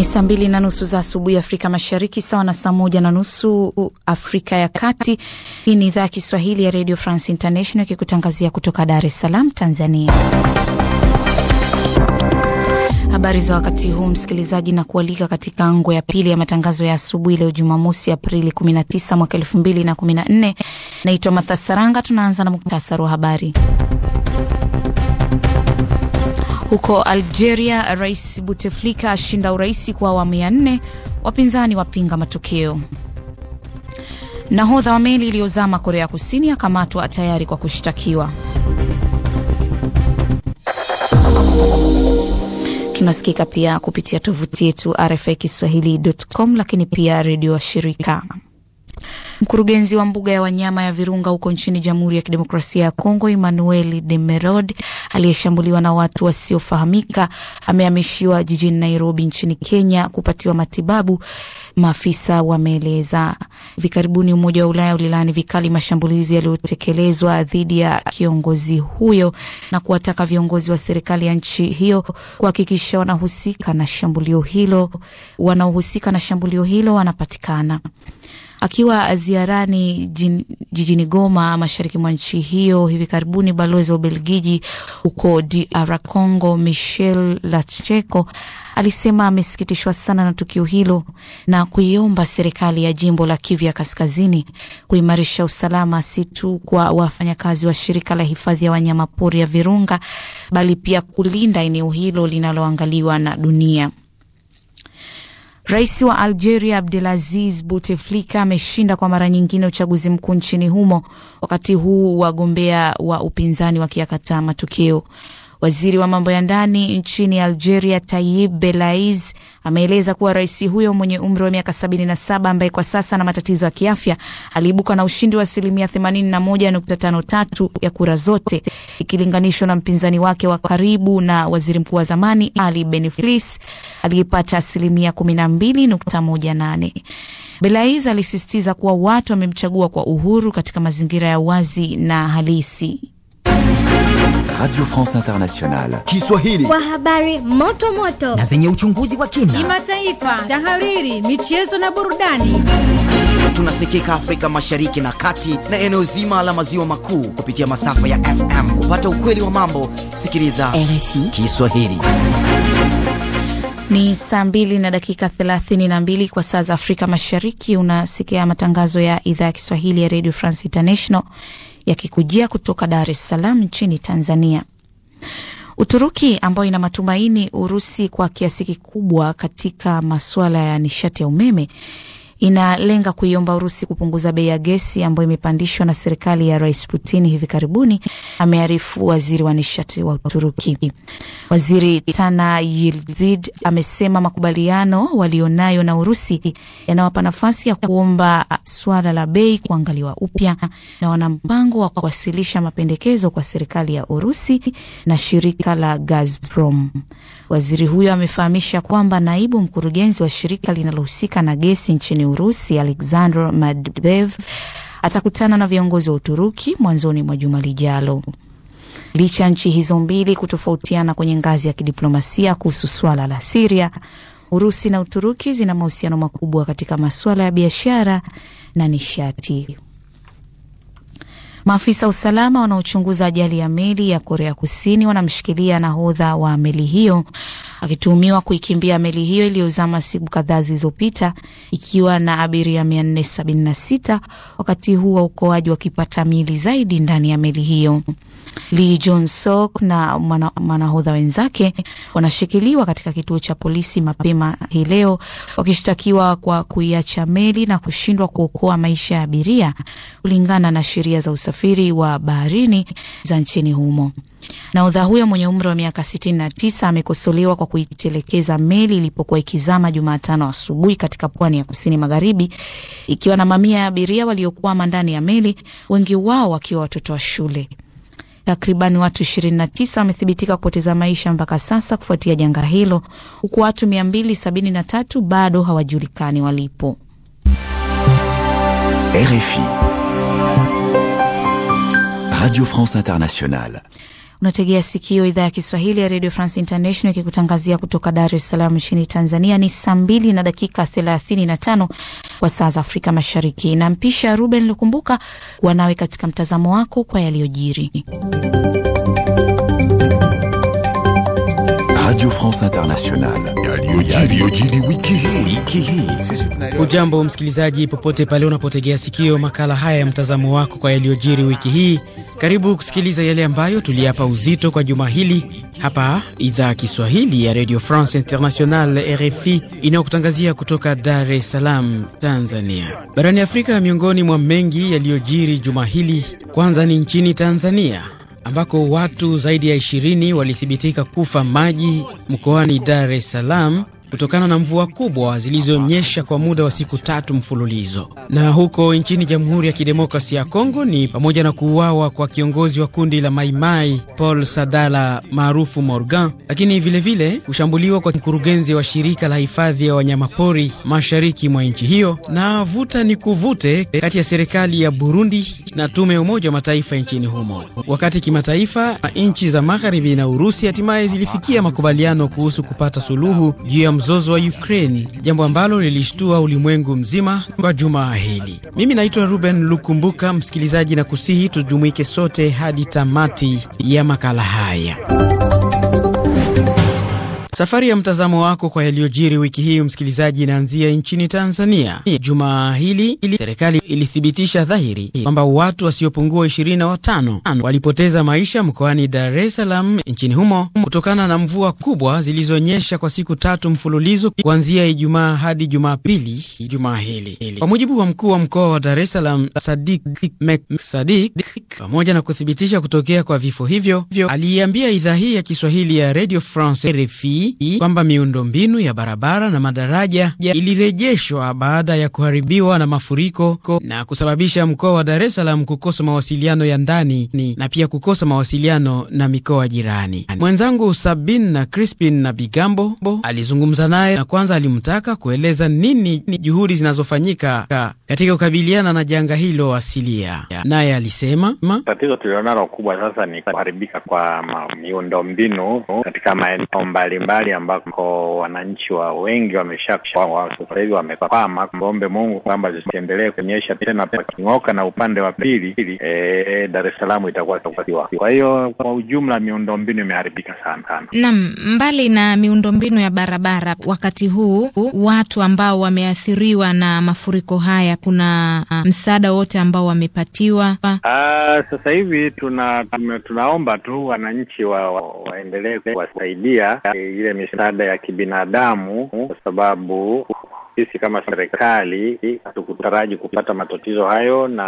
Ni saa mbili na nusu za asubuhi Afrika Mashariki, sawa na saa moja na nusu Afrika ya Kati. Hii ni idhaa ya Kiswahili ya Radio France International ikikutangazia kutoka Dar es Salaam, Tanzania. Habari za wakati huu msikilizaji, na kualika katika ngo ya pili ya matangazo ya asubuhi leo Jumamosi, Aprili 19 mwaka 2014. Naitwa Mathasaranga, Tunaanza na muktasari wa habari. Huko Algeria, Rais buteflika ashinda urais kwa awamu ya nne, wapinzani wapinga matokeo. Nahodha wa meli iliyozama Korea Kusini akamatwa tayari kwa kushtakiwa. Tunasikika pia kupitia tovuti yetu RFI Kiswahili.com, lakini pia redio wa shirika Mkurugenzi wa mbuga ya wanyama ya Virunga huko nchini Jamhuri ya Kidemokrasia ya Kongo, Emmanuel de merod aliyeshambuliwa na watu wasiofahamika, amehamishiwa jijini Nairobi nchini Kenya kupatiwa matibabu, maafisa wameeleza. Hivi karibuni Umoja wa Ulaya ulilaani vikali mashambulizi yaliyotekelezwa dhidi ya kiongozi huyo na kuwataka viongozi wa serikali ya nchi hiyo kuhakikisha wanahusika na shambulio hilo, wanaohusika na shambulio hilo wanapatikana. Akiwa ziarani jijini Goma, mashariki mwa nchi hiyo hivi karibuni, balozi wa Ubelgiji huko DR Congo Michel Lacheko alisema amesikitishwa sana na tukio hilo na kuiomba serikali ya jimbo la Kivya Kaskazini kuimarisha usalama si tu kwa wafanyakazi wa shirika la hifadhi ya wanyamapori ya Virunga bali pia kulinda eneo hilo linaloangaliwa na dunia. Rais wa Algeria Abdelaziz Bouteflika ameshinda kwa mara nyingine uchaguzi mkuu nchini humo, wakati huu wagombea wa upinzani wakiyakataa matokeo. Waziri wa mambo ya ndani nchini Algeria, Tayib belais ameeleza kuwa rais huyo mwenye umri wa miaka 77 ambaye kwa sasa ana matatizo ya kiafya aliibuka na ushindi wa asilimia 81.53 ya kura zote ikilinganishwa na mpinzani wake wa karibu na waziri mkuu wa zamani Ali Benflis aliyepata asilimia 12.18. belais alisisitiza kuwa watu wamemchagua kwa uhuru katika mazingira ya wazi na halisi. Radio France Internationale. Kiswahili. Kwa habari moto moto na zenye uchunguzi wa kina, kimataifa, tahariri, michezo na burudani. Tunasikika Afrika Mashariki na Kati na eneo zima la maziwa makuu kupitia masafa ya FM. Kupata ukweli wa mambo, sikiliza RFI Kiswahili. Ni saa mbili na dakika thelathini na mbili kwa saa za Afrika Mashariki. Unasikia matangazo ya idhaa ya Kiswahili ya Radio France International yakikujia kutoka Dar es Salaam nchini Tanzania. Uturuki ambayo ina matumaini Urusi kwa kiasi kikubwa katika masuala ya nishati ya umeme inalenga kuiomba Urusi kupunguza bei ya gesi ambayo imepandishwa na serikali ya Rais Putin hivi karibuni, amearifu waziri wa nishati wa Uturuki. Waziri Tana Yildiz amesema makubaliano walionayo na Urusi yanawapa nafasi ya kuomba swala la bei kuangaliwa upya na wana mpango wa kuwasilisha mapendekezo kwa serikali ya Urusi na shirika la Gazprom. Waziri huyo amefahamisha kwamba naibu mkurugenzi wa shirika linalohusika na gesi nchini Urusi Alexander Medvedev atakutana na viongozi wa Uturuki mwanzoni mwa juma lijalo. Licha nchi hizo mbili kutofautiana kwenye ngazi ya kidiplomasia kuhusu swala la Siria, Urusi na Uturuki zina mahusiano makubwa katika masuala ya biashara na nishati. Maafisa usalama wanaochunguza ajali ya meli ya Korea Kusini wanamshikilia nahodha wa meli hiyo akituhumiwa kuikimbia meli hiyo iliyozama siku kadhaa zilizopita ikiwa na abiria 476 wakati huu ukoaji wakipata mili zaidi ndani ya meli hiyo. Lee Jong Sok na mwanahodha wenzake wanashikiliwa katika kituo cha polisi mapema hii leo wakishtakiwa kwa kuiacha meli na kushindwa kuokoa maisha ya abiria kulingana na sheria za usafiri wa baharini za nchini humo. Nahodha huyo mwenye umri wa miaka 69 amekosolewa kwa kuitelekeza meli ilipokuwa ikizama Jumatano asubuhi katika pwani ya kusini magharibi, ikiwa na mamia ya abiria waliokwama ndani ya meli, wengi wao wakiwa watoto wa shule. Takriban watu 29 wamethibitika kupoteza maisha mpaka sasa kufuatia janga hilo, huku watu 273 bado hawajulikani walipo. RFI Radio France Internationale. Unategea sikio idhaa ya Kiswahili ya Radio France International ikikutangazia kutoka Dar es Salaam nchini Tanzania. Ni saa mbili na dakika thelathini na tano kwa saa za Afrika Mashariki. Nampisha Ruben Lukumbuka wanawe katika mtazamo wako kwa yaliyojiri. Radio France Internationale. Ujambo msikilizaji, popote pale unapotegea sikio makala haya ya mtazamo wako kwa yaliyojiri wiki hii. Karibu kusikiliza yale ambayo tuliyapa uzito kwa juma hili hapa idhaa ya Kiswahili ya Radio France Internationale, RFI, inayokutangazia kutoka Dar es Salaam, Tanzania. Barani Afrika, miongoni mwa mengi yaliyojiri juma hili, kwanza ni nchini Tanzania ambako watu zaidi ya 20 walithibitika kufa maji mkoani Dar es Salaam kutokana na mvua kubwa zilizonyesha kwa muda wa siku tatu mfululizo. Na huko nchini Jamhuri ya Kidemokrasia ya Kongo ni pamoja na kuuawa kwa kiongozi wa kundi la Maimai Paul Sadala maarufu Morgan, lakini vilevile vile, kushambuliwa kwa mkurugenzi wa shirika la hifadhi ya wanyamapori mashariki mwa nchi hiyo, na vuta ni kuvute kati ya serikali ya Burundi na tume ya Umoja wa Mataifa nchini humo, wakati kimataifa nchi za magharibi na Urusi hatimaye zilifikia makubaliano kuhusu kupata suluhu juu ya mzozo wa ukrain jambo ambalo lilishtua ulimwengu mzima kwa jumaa hili. Mimi naitwa Ruben Lukumbuka, msikilizaji, na kusihi tujumuike sote hadi tamati ya makala haya. Safari ya mtazamo wako kwa yaliyojiri wiki hii, msikilizaji, inaanzia nchini Tanzania. Jumaa hili ili serikali ilithibitisha dhahiri kwamba watu wasiopungua ishirini na watano walipoteza maisha mkoani Dar es Salaam nchini humo kutokana na mvua kubwa zilizonyesha kwa siku tatu mfululizo kuanzia Ijumaa hadi Jumapili jumaa hili, kwa mujibu wa mkuu wa mkoa wa Dar es Salaam Sadik Sadik. Pamoja na kuthibitisha kutokea kwa vifo hivyo, aliiambia idhaa hii ya Kiswahili ya Radio France RFI hii kwamba miundombinu ya barabara na madaraja ilirejeshwa baada ya kuharibiwa na mafuriko na kusababisha mkoa wa Dar es Salaam kukosa mawasiliano ya ndani na pia kukosa mawasiliano na mikoa jirani. Mwenzangu Sabin na Crispin na Bigambo alizungumza naye na kwanza alimtaka kueleza nini ni juhudi zinazofanyika katika kukabiliana na janga hilo asilia. Naye alisema tatizo tulilonalo kubwa sasa ni kuharibika kwa miundombinu katika maeneo mbalimbali mahali ambako wananchi wa wengi sasa hivi wamekwama. Ombe Mungu kwamba zisiendelee kunyesha tena paking'oka, na upande wa pili e, Dar es Salaam itakuwa tatiwa. Kwa hiyo kwa ujumla miundombinu imeharibika sana sana. Naam, mbali na miundombinu ya barabara, wakati huu watu ambao wameathiriwa na mafuriko haya, kuna uh, msaada wote ambao wamepatiwa? uh, sasa hivi tuna, tuna tunaomba tu wananchi wa, wa, waendelee kuwasaidia e, ile misaada ya kibinadamu, kwa sababu sisi kama serikali hatukutaraji kupata matatizo hayo, na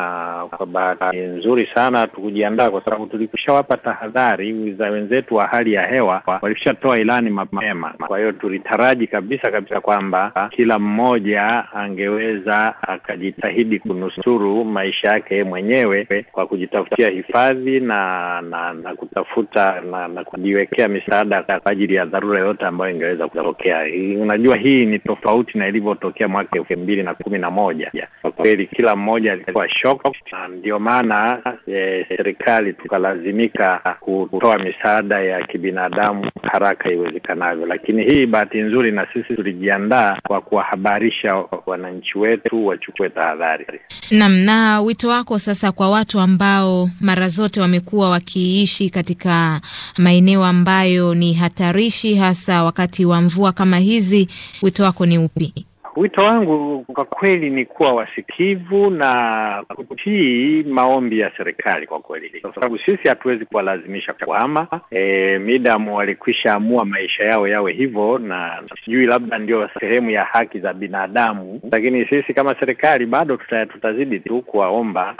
kwa bahati nzuri sana tukujiandaa kwa sababu tulikushawapa tahadhari wenzetu wa hali ya hewa, walishatoa ilani mapema. Kwa hiyo tulitaraji kabisa kabisa kwamba kila mmoja angeweza akajitahidi kunusuru maisha yake mwenyewe kwa kujitafutia hifadhi na na, na kutafuta na, na kujiwekea misaada kwa ajili ya dharura yoyote ambayo ingeweza kutokea. Unajua, hii ni tofauti na ilivyo kutokea mwaka elfu mbili na kumi na moja. Kwa kweli kila mmoja alikuwa shock, na ndio maana e, serikali tukalazimika kutoa misaada ya kibinadamu haraka iwezekanavyo. Lakini hii bahati nzuri, na sisi tulijiandaa kwa kuwahabarisha wananchi wetu wachukue tahadhari. Naam, na wito wako sasa kwa watu ambao mara zote wamekuwa wakiishi katika maeneo ambayo ni hatarishi, hasa wakati wa mvua kama hizi, wito wako ni upi? Wito wangu kwa kweli ni kuwa wasikivu na kutii maombi ya serikali kwa kweli, kwa sababu sisi hatuwezi kuwalazimisha kuhama. E, midamu walikwisha amua maisha yao yawe hivyo, na sijui labda ndio sehemu ya haki za binadamu, lakini sisi kama serikali bado tuta, tutazidi tu kuwaomba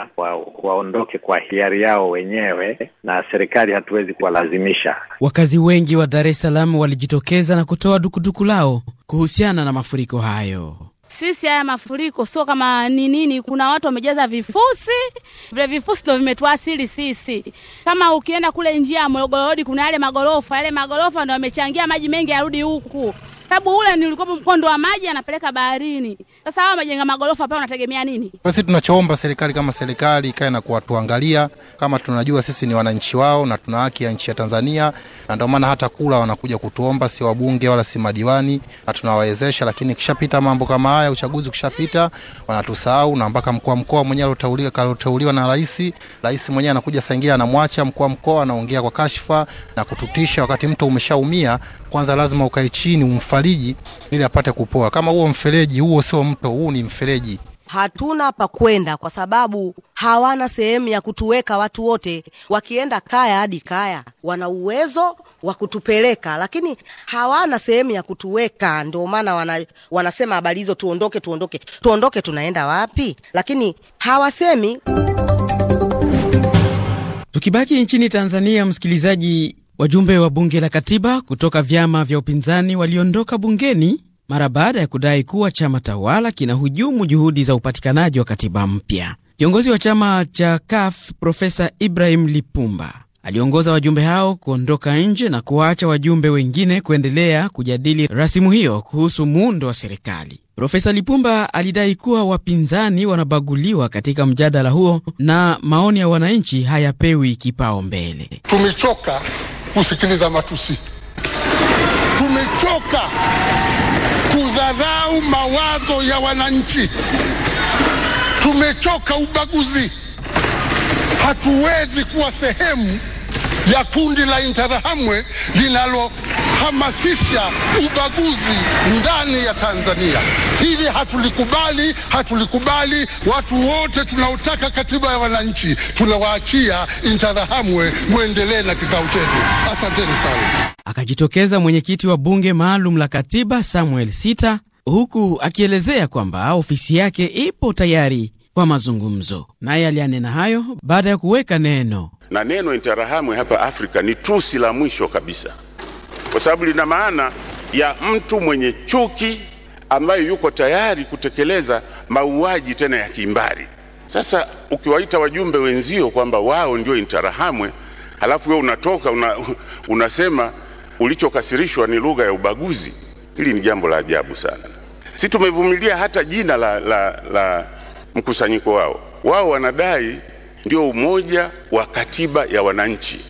waondoke kwa, kwa hiari yao wenyewe, na serikali hatuwezi kuwalazimisha. Wakazi wengi wa Dar es Salaam walijitokeza na kutoa dukuduku lao kuhusiana na mafuriko hayo. Sisi haya mafuriko sio kama ni nini, kuna watu wamejaza vifusi, vile vifusi ndo vimetuasili sisi. Kama ukienda kule njia ya Morogoro kuna yale magorofa, yale magorofa ndo yamechangia maji mengi yarudi huku sababu ule nilikuwa mkondo wa maji anapeleka baharini. Sasa hawa majenga magorofa pale, unategemea nini? Sisi tunachoomba serikali kama serikali ikae na kuwatuangalia, kama tunajua sisi ni wananchi wao na tuna haki ya nchi ya Tanzania, na ndio maana hata kula wanakuja kutuomba, si wabunge wala si madiwani, na tunawawezesha. Lakini kishapita mambo kama haya, uchaguzi ukishapita, wanatusahau na mpaka mkuu wa mkoa mwenyewe aloteuliwa na rais, rais mwenyewe anakuja saingia, anamwacha mkuu wa mkoa, anaongea kwa kashfa na kututisha, wakati mtu umeshaumia kwanza lazima ukae chini umfariji ili apate kupoa. Kama huo mfereji huo, sio mto, huu ni mfereji. Hatuna pa kwenda kwa sababu hawana sehemu ya kutuweka watu wote. Wakienda kaya hadi kaya, wana uwezo wa kutupeleka, lakini hawana sehemu ya kutuweka. Ndio maana wana, wanasema habari hizo, tuondoke, tuondoke, tuondoke. Tunaenda wapi? Lakini hawasemi. Tukibaki nchini Tanzania, msikilizaji, Wajumbe wa bunge la katiba kutoka vyama vya upinzani waliondoka bungeni mara baada ya kudai kuwa chama tawala kinahujumu juhudi za upatikanaji wa katiba mpya. Kiongozi wa chama cha KAF Profesa Ibrahim Lipumba aliongoza wajumbe hao kuondoka nje na kuwaacha wajumbe wengine kuendelea kujadili rasimu hiyo kuhusu muundo wa serikali. Profesa Lipumba alidai kuwa wapinzani wanabaguliwa katika mjadala huo na maoni ya wananchi hayapewi kipao mbele. Tumechoka kusikiliza matusi. Tumechoka kudharau mawazo ya wananchi, tumechoka ubaguzi. Hatuwezi kuwa sehemu ya kundi la Interahamwe linalo kuhamasisha ubaguzi ndani ya Tanzania. Hili hatulikubali, hatulikubali. Watu wote tunaotaka katiba ya wananchi tunawaachia Interahamwe, mwendelee na kikao chetu. Asanteni sana. Akajitokeza mwenyekiti wa bunge maalum la katiba Samuel Sita, huku akielezea kwamba ofisi yake ipo tayari kwa mazungumzo. Naye alianena hayo baada ya kuweka neno, na neno Interahamwe hapa Afrika ni tusi la mwisho kabisa kwa sababu lina maana ya mtu mwenye chuki ambaye yuko tayari kutekeleza mauaji tena ya kimbari. Sasa ukiwaita wajumbe wenzio kwamba wao ndio Interahamwe, halafu wewe unatoka una, unasema ulichokasirishwa ni lugha ya ubaguzi. Hili ni jambo la ajabu sana. Si tumevumilia hata jina la, la, la mkusanyiko wao. Wao wanadai ndio umoja wa katiba ya wananchi,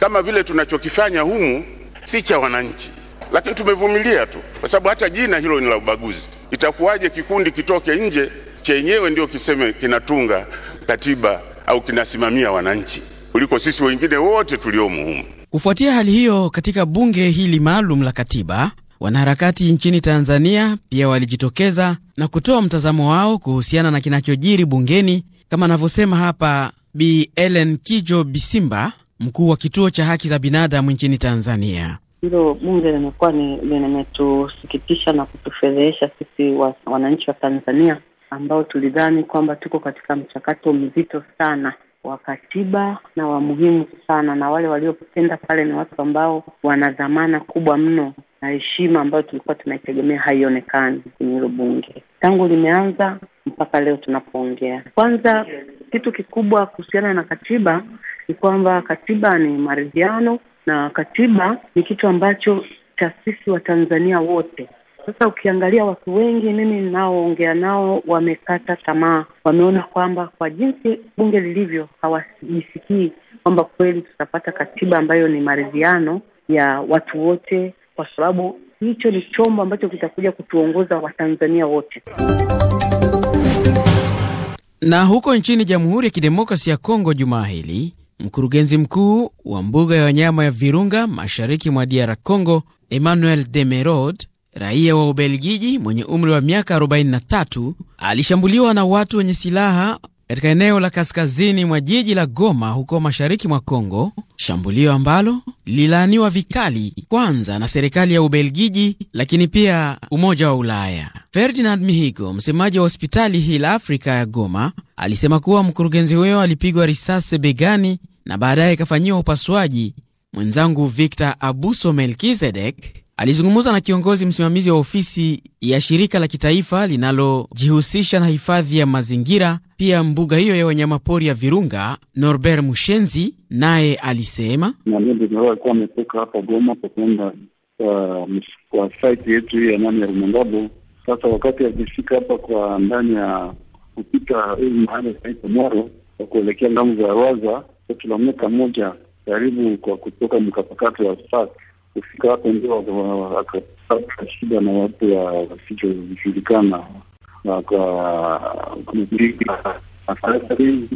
kama vile tunachokifanya humu si cha wananchi, lakini tumevumilia tu, kwa sababu hata jina hilo ni la ubaguzi. Itakuwaje kikundi kitoke nje chenyewe ndio kiseme kinatunga katiba au kinasimamia wananchi kuliko sisi wengine wote tuliomo humu? Kufuatia hali hiyo, katika bunge hili maalum la katiba wanaharakati nchini Tanzania pia walijitokeza na kutoa mtazamo wao kuhusiana na kinachojiri bungeni, kama anavyosema hapa Bi Ellen Kijo Bisimba, mkuu wa kituo cha haki za binadamu nchini Tanzania. Hilo bunge limekuwa limetusikitisha na kutufedhehesha sisi wa, wananchi wa Tanzania ambao tulidhani kwamba tuko katika mchakato mzito sana wa katiba na wa muhimu sana, na wale waliopenda pale ni watu ambao wana dhamana kubwa mno na heshima ambayo tulikuwa tunaitegemea haionekani kwenye hilo bunge tangu limeanza mpaka leo tunapoongea. Kwanza, kitu kikubwa kuhusiana na katiba ni kwamba katiba ni maridhiano, na katiba ni kitu ambacho cha sisi Watanzania wote sasa ukiangalia watu wengi mimi ninaoongea nao wamekata tamaa, wameona kwamba kwa jinsi bunge lilivyo hawajisikii kwamba kweli tutapata katiba ambayo ni maridhiano ya watu wote, kwa sababu hicho ni chombo ambacho kitakuja kutuongoza Watanzania wote. Na huko nchini Jamhuri ya Kidemokrasi ya Kongo, jumaa hili mkurugenzi mkuu wa mbuga ya wanyama ya Virunga mashariki mwa DR Congo, Emmanuel Demerod raia wa Ubelgiji mwenye umri wa miaka 43 alishambuliwa na watu wenye silaha katika eneo la kaskazini mwa jiji la Goma huko mashariki mwa Kongo, shambulio ambalo lililaaniwa vikali kwanza na serikali ya Ubelgiji, lakini pia Umoja wa Ulaya. Ferdinand Mihigo, msemaji wa hospitali hii la Afrika ya Goma, alisema kuwa mkurugenzi huyo alipigwa risasi begani na baadaye ikafanyiwa upasuaji. Mwenzangu Victor Abuso Melkizedek Alizungumza na kiongozi msimamizi wa ofisi ya shirika la kitaifa linalojihusisha na hifadhi ya mazingira pia mbuga hiyo ya wanyamapori ya Virunga, Norbert Mushenzi, naye alisema alikuwa ametoka hapa Goma kwa kwenda uh, kwa site yetu hii ya nani ya Rumangabo. Sasa wakati akifika hapa kwa ndani ya kupita hii mahali ya Mwaro kwa kuelekea ngamu za Rwaza kwa kilomita moja karibu kwa kutoka mkapakati wa Sake Как он делал, как себя на воды, а сейчас великана, как askari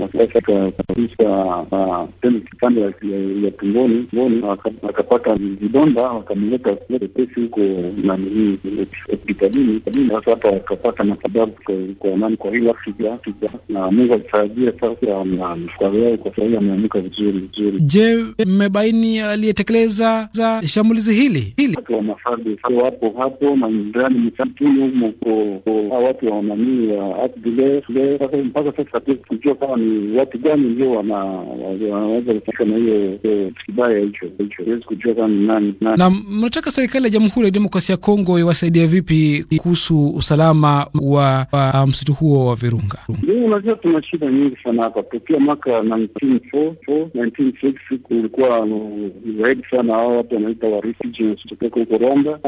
ya tumboni wakapata vidonda, wakamleta pesi huko nanihii hospitalini hapa wakapata matibabu kwa Kwa hiyo Afrika na Mungu akisaidia sasa, na mstari kwa sahii ameamuka vizuri vizuri. Je, mmebaini aliyetekeleza za shambulizi hili hili? Watu wa mafadhi wapo hapo na ndani msituni humo, watu wa nanii wa mpaka sasa hatuwezi kujua kama ni watu gani ndio wanaweza kuhusika na hiyo kibaya hicho hicho, hatuwezi kujua kama ni nani nani. Na mnataka serikali ya Jamhuri ya Demokrasia ya Kongo iwasaidia vipi kuhusu usalama wa, wa msitu huo wa Virunga? Ndio, unajua tuna shida nyingi sana hapa. tokia mwaka 1944 kulikuwa zaidi sana hao watu wanaita wa refugees kutoka huko Rwanda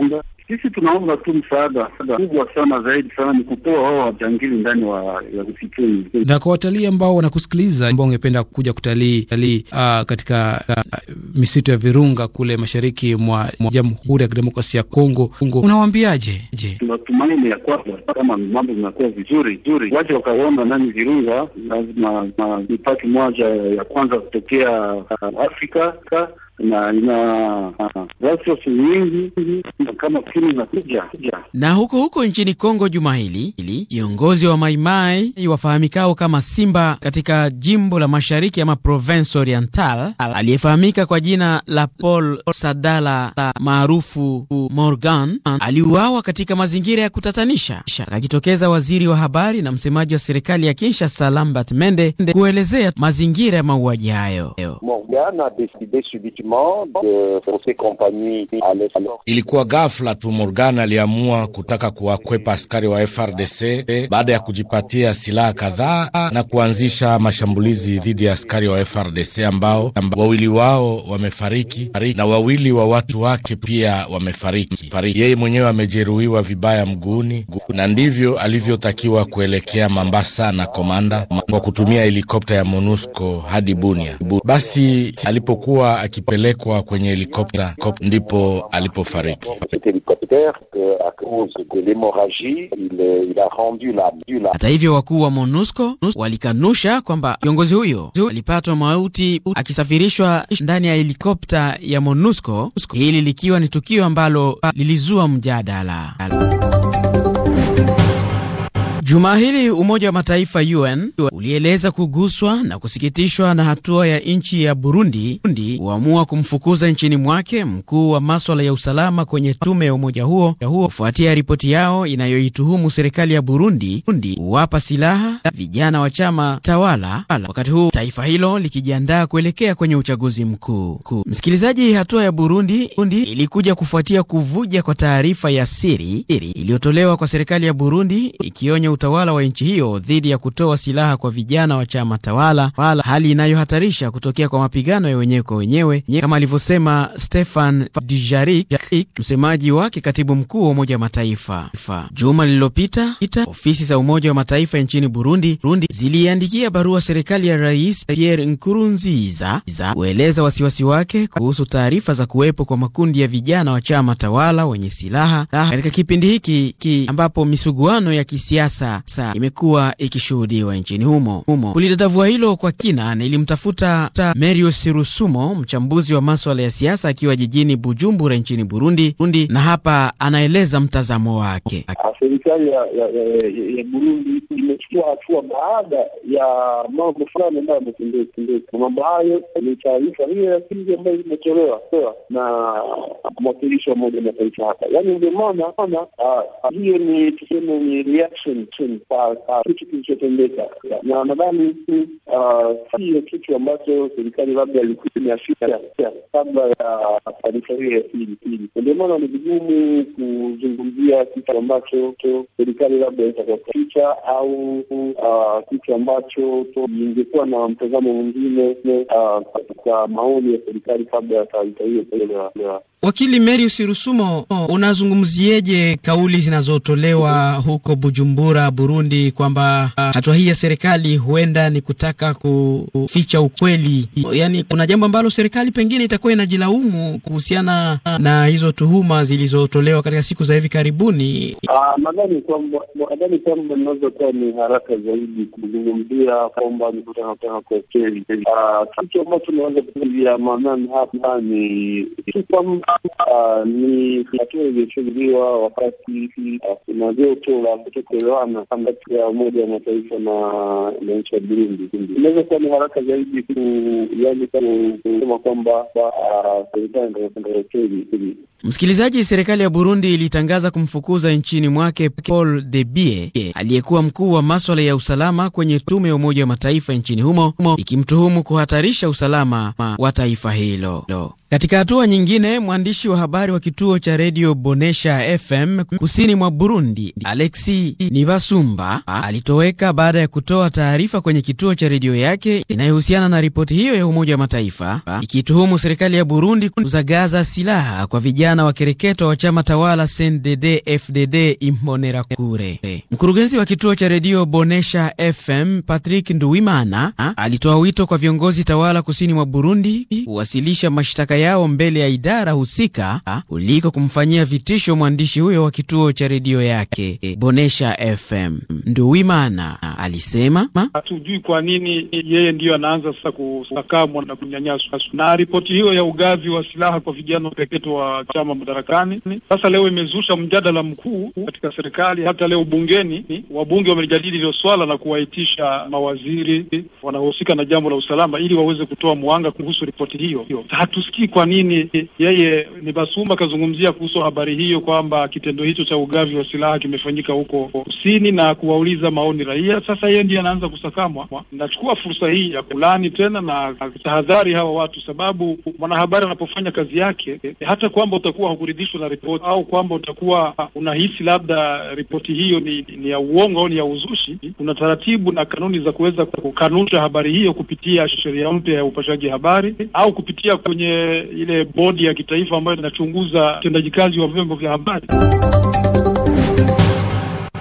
sisi tunaomba tu msaada kubwa sana zaidi sana ni kutoa hao wajangili ndani wa ya msituni. Na kwa watalii ambao wanakusikiliza ambao wangependa kuja kutalii talii ah, katika uh, misitu ya Virunga kule mashariki mwa, mwa Jamhuri ya Kidemokrasia ya Kongo, unawaambiaje? Je, tunatumaini ya kwamba kama mambo zinakuwa vizuri vizuri, waje wakaona nani Virunga, lazima mipaki moja ya kwanza kutokea uh, Afrika ka, na ina resources uh, nyingi kama na inakuja. Na huko huko nchini Kongo juma hili kiongozi wa Maimai wafahamikao kama Simba katika jimbo la mashariki ama Province Oriental aliyefahamika kwa jina la Paul Sadala la maarufu Morgan aliuawa katika mazingira ya kutatanisha. Akajitokeza waziri wa habari na msemaji wa serikali ya Kinshasa Lambert Mende kuelezea mazingira ya mauaji hayo. Morgan a decide de Compagnie. Ilikuwa ghafla tu Morgan aliamua kutaka kuwakwepa askari wa FRDC baada ya kujipatia silaha kadhaa na kuanzisha mashambulizi dhidi ya askari wa FRDC ambao, ambao wawili wao wamefariki na wawili wa watu wake pia wamefariki. Yeye mwenyewe amejeruhiwa vibaya mguuni, na ndivyo alivyotakiwa kuelekea Mambasa na Komanda kwa kutumia helikopta ya MONUSCO hadi Bunia. Basi alipokuwa akipe kupelekwa kwenye helikopta ndipo alipofariki. Hata hivyo, wakuu wa MONUSCO walikanusha kwamba kiongozi huyo alipatwa mauti akisafirishwa ndani ya helikopta ya MONUSCO, hili likiwa ni tukio ambalo lilizua mjadala. Jumaa hili Umoja wa Mataifa UN ulieleza kuguswa na kusikitishwa na hatua ya nchi ya Burundi kuamua kumfukuza nchini mwake mkuu wa maswala ya usalama kwenye tume ya umoja huo kufuatia ripoti yao inayoituhumu serikali ya Burundi kuwapa silaha vijana wa chama tawala, wakati huu taifa hilo likijiandaa kuelekea kwenye uchaguzi mkuu. Msikilizaji, hatua ya Burundi ilikuja kufuatia kuvuja kwa taarifa ya siri iliyotolewa kwa serikali ya Burundi ikionya utawala wa nchi hiyo dhidi ya kutoa silaha kwa vijana wa chama tawala, wala hali inayohatarisha kutokea kwa mapigano ya wenyewe kwa wenyewe, kama alivyosema Stefan Dijarik, msemaji wake katibu mkuu wa Umoja wa Mataifa. Juma lililopita ofisi za Umoja wa Mataifa nchini Burundi, Burundi ziliandikia barua serikali ya Rais Pierre Nkurunziza kueleza wasiwasi wake kuhusu taarifa za kuwepo kwa makundi ya vijana wa chama tawala wenye silaha katika kipindi hiki ki ambapo misuguano ya kisiasa sasa imekuwa ikishuhudiwa nchini humo humo. Kulidadavua hilo kwa kina, nilimtafuta Merius Rusumo, mchambuzi wa maswala ya siasa, akiwa jijini Bujumbura nchini Burundi Burundi, na hapa anaeleza mtazamo wake. Serikali ya, ya, ya, ya Burundi imechukua hatua baada ya mambo fulani ambayo yametendeka. Mambo hayo ni taarifa hiyo ya pili ambayo imetolewa na mwakilishi wa Umoja Mataifa hapa, yaani ndio maana ah, hiyo ni tuseme ni reaction action kwa kitu kilichotendeka, na nadhani ah, hiyo kitu ambacho serikali labda ilikuwa imeafika kabla ya taarifa hiyo ya pilipili. Ndio maana ni vigumu kuzungumzia kitu ambacho serikali labda itakaficha au ah, kitu ambacho ingekuwa na mtazamo mwingine ah, katika maoni ya serikali kabla ya taarifa hiyo. Wakili Marius Rusumo, unazungumzieje kauli zinazotolewa huko Bujumbura, Burundi, kwamba ah, hatua hii ya serikali huenda ni kutaka kuficha ukweli? Yaani, kuna jambo ambalo serikali pengine itakuwa inajilaumu kuhusiana ah, na hizo tuhuma zilizotolewa katika siku za hivi karibuni. Ah, nadhani kwamba inawezokuwa ni haraka zaidi kuzungumzia kwamba ni kutaka kukweli. Kitu ambacho tunaweza kuzungumzia maanani hapa ni kwamba ni hatua iliyochukuliwa wakati maziotola kutokuelewana kati ya Umoja wa Mataifa na nchi ya Burundi. Inaweza kuwa ni haraka zaidi yaani kusema kwamba uh, serikali ndio Msikilizaji, serikali ya Burundi ilitangaza kumfukuza nchini mwake Paul Debie aliyekuwa mkuu wa maswala ya usalama kwenye tume ya Umoja wa Mataifa nchini humo, ikimtuhumu kuhatarisha usalama wa taifa hilo. Katika hatua nyingine, mwandishi wa habari wa kituo cha redio Bonesha FM kusini mwa Burundi, Alexi Nivasumba alitoweka baada ya kutoa taarifa kwenye kituo cha redio yake inayohusiana na ripoti hiyo ya Umoja wa Mataifa ikituhumu serikali ya Burundi kuzagaza silaha kwa vijana vijana wa kireketo wa chama tawala CNDD FDD Imbonerakure. Mkurugenzi wa kituo cha redio Bonesha FM Patrick Nduwimana alitoa wito kwa viongozi tawala kusini mwa Burundi kuwasilisha mashtaka yao mbele ya idara husika kuliko kumfanyia vitisho mwandishi huyo wa kituo cha redio yake Bonesha FM. Nduwimana alisema hatujui kwa nini yeye ndiyo anaanza sasa kusakamwa na kunyanyaswa na ripoti hiyo ya ugavi wa silaha kwa vijana wa kireketo wa chama chama madarakani. Sasa leo imezusha mjadala mkuu katika serikali, hata leo bungeni wabunge wamejadili hilo swala na kuwaitisha mawaziri wanaohusika na jambo la usalama ili waweze kutoa mwanga kuhusu ripoti hiyo. Hatusikii kwa nini yeye ni Basumba akazungumzia kuhusu habari hiyo kwamba kitendo hicho cha ugavi wa silaha kimefanyika huko kusini na kuwauliza maoni raia. Sasa yeye ndiye anaanza kusakamwa. Nachukua fursa hii ya kulani tena na tahadhari hawa watu, sababu mwanahabari anapofanya kazi yake hata kwamba utakuwa hukuridhishwa na ripoti au kwamba utakuwa unahisi labda ripoti hiyo ni, ni ya uongo au ni ya uzushi, kuna taratibu na kanuni za kuweza kukanusha habari hiyo kupitia sheria mpya ya upashaji habari au kupitia kwenye ile bodi ya kitaifa ambayo inachunguza utendaji kazi wa vyombo vya habari.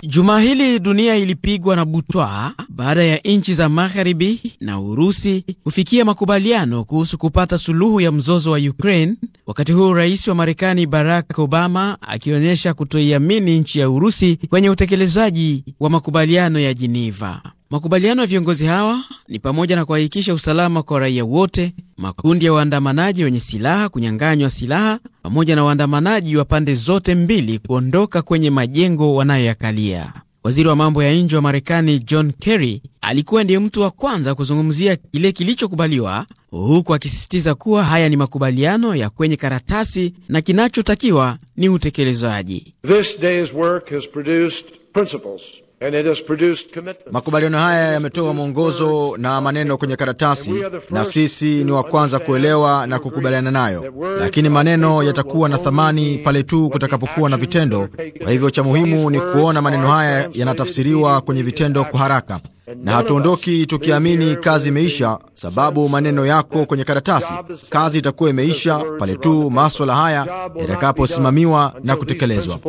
Juma hili dunia ilipigwa na butwa baada ya nchi za magharibi na Urusi kufikia makubaliano kuhusu kupata suluhu ya mzozo wa Ukraine, wakati huu rais wa Marekani Barack Obama akionyesha kutoiamini nchi ya Urusi kwenye utekelezaji wa makubaliano ya Jiniva. Makubaliano ya viongozi hawa ni pamoja na kuhakikisha usalama kwa raia wote, makundi ya waandamanaji wenye silaha kunyang'anywa silaha, pamoja na waandamanaji wa pande zote mbili kuondoka kwenye majengo wanayoyakalia. Waziri wa mambo ya nje wa Marekani John Kerry alikuwa ndiye mtu wa kwanza kuzungumzia kile kilichokubaliwa, huku akisisitiza kuwa haya ni makubaliano ya kwenye karatasi na kinachotakiwa ni utekelezaji. This day's work has produced principles Makubaliano haya yametoa mwongozo na maneno kwenye karatasi, na sisi ni wa kwanza kuelewa na kukubaliana nayo, lakini maneno yatakuwa na thamani pale tu kutakapokuwa na vitendo. Kwa hivyo cha muhimu ni kuona maneno haya yanatafsiriwa kwenye vitendo kwa haraka na hatuondoki tukiamini kazi imeisha, sababu maneno yako kwenye karatasi, kazi itakuwa imeisha pale tu maswala haya yatakaposimamiwa na kutekelezwa.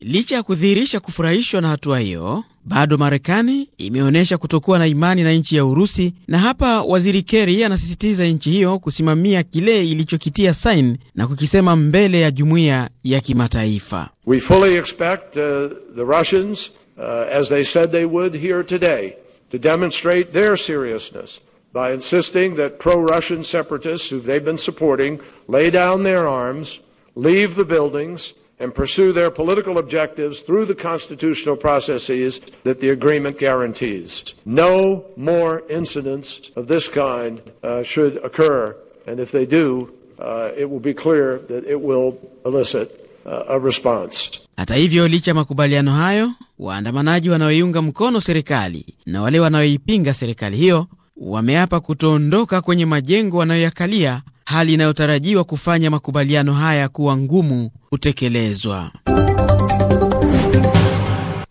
Licha ya kudhihirisha kufurahishwa na hatua hiyo, bado Marekani imeonyesha kutokuwa na imani na nchi ya Urusi, na hapa waziri Kerry anasisitiza nchi hiyo kusimamia kile ilichokitia sain na kukisema mbele ya jumuiya ya kimataifa. We fully expect, uh, the Russians... uh, as they said they would here today, to demonstrate their seriousness by insisting that pro Russian separatists, who they've been supporting, lay down their arms, leave the buildings, and pursue their political objectives through the constitutional processes that the agreement guarantees. No more incidents of this kind uh, should occur, and if they do, uh, it will be clear that it will elicit a response. Hata hivyo, licha ya makubaliano hayo, waandamanaji wanaoiunga mkono serikali na wale wanaoipinga serikali hiyo wameapa kutoondoka kwenye majengo wanayoyakalia, hali inayotarajiwa kufanya makubaliano haya kuwa ngumu kutekelezwa.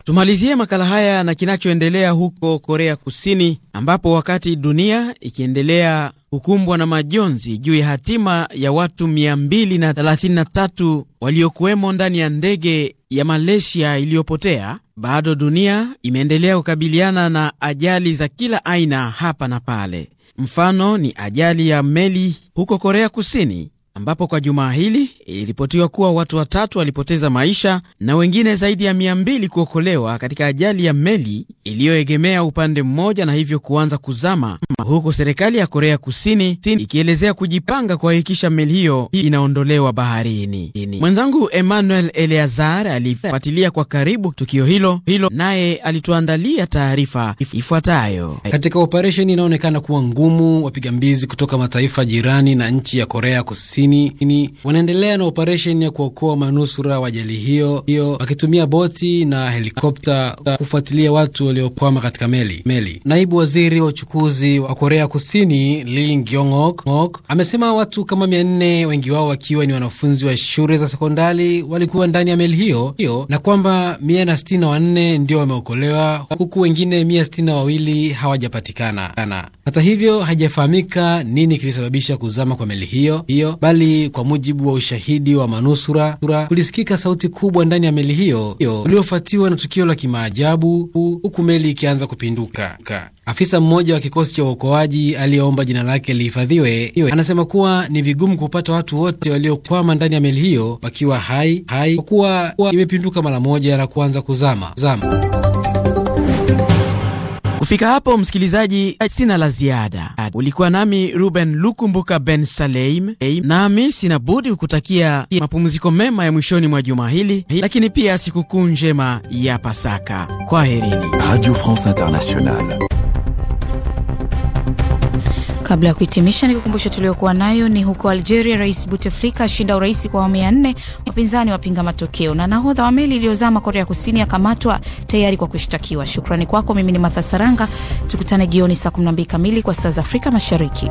Tumalizie makala haya na kinachoendelea huko Korea Kusini, ambapo wakati dunia ikiendelea hukumbwa na majonzi juu ya hatima ya watu 233 waliokuwemo ndani ya ndege ya Malaysia iliyopotea, bado dunia imeendelea kukabiliana na ajali za kila aina hapa na pale. Mfano ni ajali ya meli huko Korea Kusini ambapo kwa jumaa hili iliripotiwa kuwa watu watatu walipoteza maisha na wengine zaidi ya mia mbili kuokolewa katika ajali ya meli iliyoegemea upande mmoja na hivyo kuanza kuzama, huku serikali ya Korea Kusini ikielezea kujipanga kuhakikisha meli hiyo inaondolewa baharini. Mwenzangu Emmanuel Eleazar alifuatilia kwa karibu tukio hilo hilo, naye alituandalia taarifa ifuatayo. Katika operesheni inaonekana kuwa ngumu, wapiga mbizi kutoka mataifa jirani na nchi ya Korea Kusini kusini wanaendelea na operesheni ya kuokoa manusura wa ajali hiyo hiyo wakitumia boti na helikopta kufuatilia watu waliokwama katika meli meli. Naibu waziri wa uchukuzi wa Korea Kusini Lee Gyong-ok amesema watu kama mia nne, wengi wao wakiwa ni wanafunzi wa shule za sekondari walikuwa ndani ya meli hiyo hiyo, na kwamba mia na sitini na wanne ndio wameokolewa huku wengine mia sitini na wawili hawajapatikana. Hata hivyo haijafahamika nini kilisababisha kuzama kwa meli hiyo hiyo mbali. kwa mujibu wa ushahidi wa manusura kulisikika sauti kubwa ndani ya meli hiyo iliyofuatiwa na tukio la kimaajabu, huku meli ikianza kupinduka. Afisa mmoja wa kikosi cha uokoaji aliyeomba jina lake lihifadhiwe anasema kuwa ni vigumu kupata watu wote waliokwama ndani ya meli hiyo wakiwa hai hai, kwa kuwa imepinduka mara moja na kuanza kuzama zama. Kufika hapo, msikilizaji, sina la ziada. Ulikuwa nami Ruben Lukumbuka Ben Saleim, nami sina budi kukutakia mapumziko mema ya mwishoni mwa juma hili, lakini pia sikukuu njema ya Pasaka. kwa Radio France Internationale. Kabla ya kuhitimisha, ni kukumbusha tuliokuwa nayo ni huko Algeria, Rais Bouteflika ashinda urais kwa awamu ya nne, wapinzani wapinga matokeo, na nahodha wa meli iliyozama Korea Kusini akamatwa tayari kwa kushtakiwa. Shukrani kwako, mimi ni Matha Saranga, tukutane jioni saa 12 kamili kwa saa za Afrika Mashariki.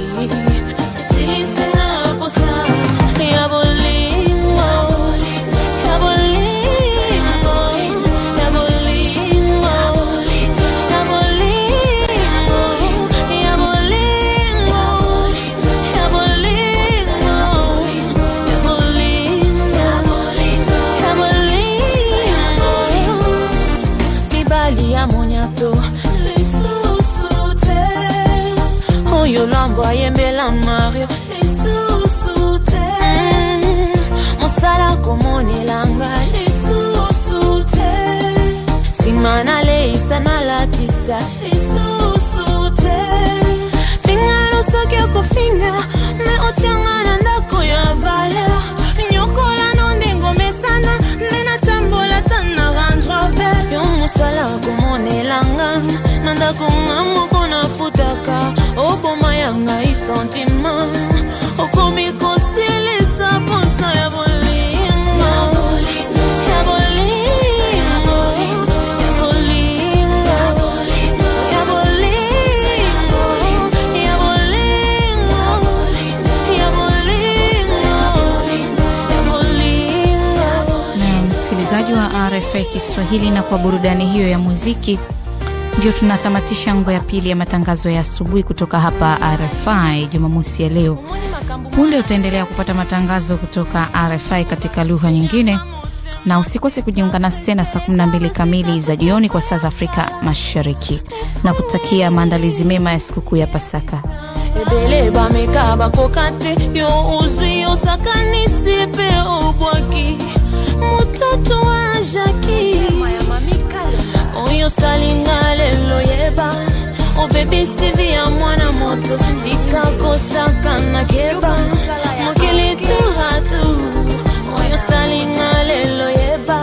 mboyembela mario lisusu te mm. mosala komonela nga lisusu te nsima naleisa nalatisa lisusu te fingalo soki okofinga me otianga na ndako ya valeur nyokolano ndengo mesana nde natambola ta na randrover yo mosala komonelanga na ndako nga moko nafutaka ngai sentiment okomi kosilisa mposa ya msikilizaji wa RFI Kiswahili, na kwa burudani hiyo ya muziki ndio tunatamatisha ngo ya pili ya matangazo ya asubuhi kutoka hapa RFI Jumamosi ya leo. Punde utaendelea kupata matangazo kutoka RFI katika lugha nyingine, na usikose kujiunga nasi tena saa 12 kamili za jioni kwa saa za Afrika Mashariki, na kutakia maandalizi mema ya sikukuu ya Pasaka. wa yo salinga lelo yeba obebisi oh, vya mwana moto vikakosaka na keba mokilitura tu oyo salinga lelo yeba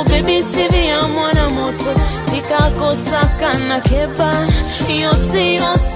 obebisi oh, vya mwana moto vikakosaka na keba yosi